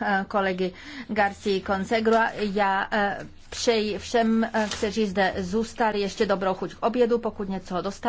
Eh, kolegy Garcii Consegrua. Já eh, přeji všem, eh, kteří zde zůstali, ještě dobrou chuť k obědu, pokud něco dostali.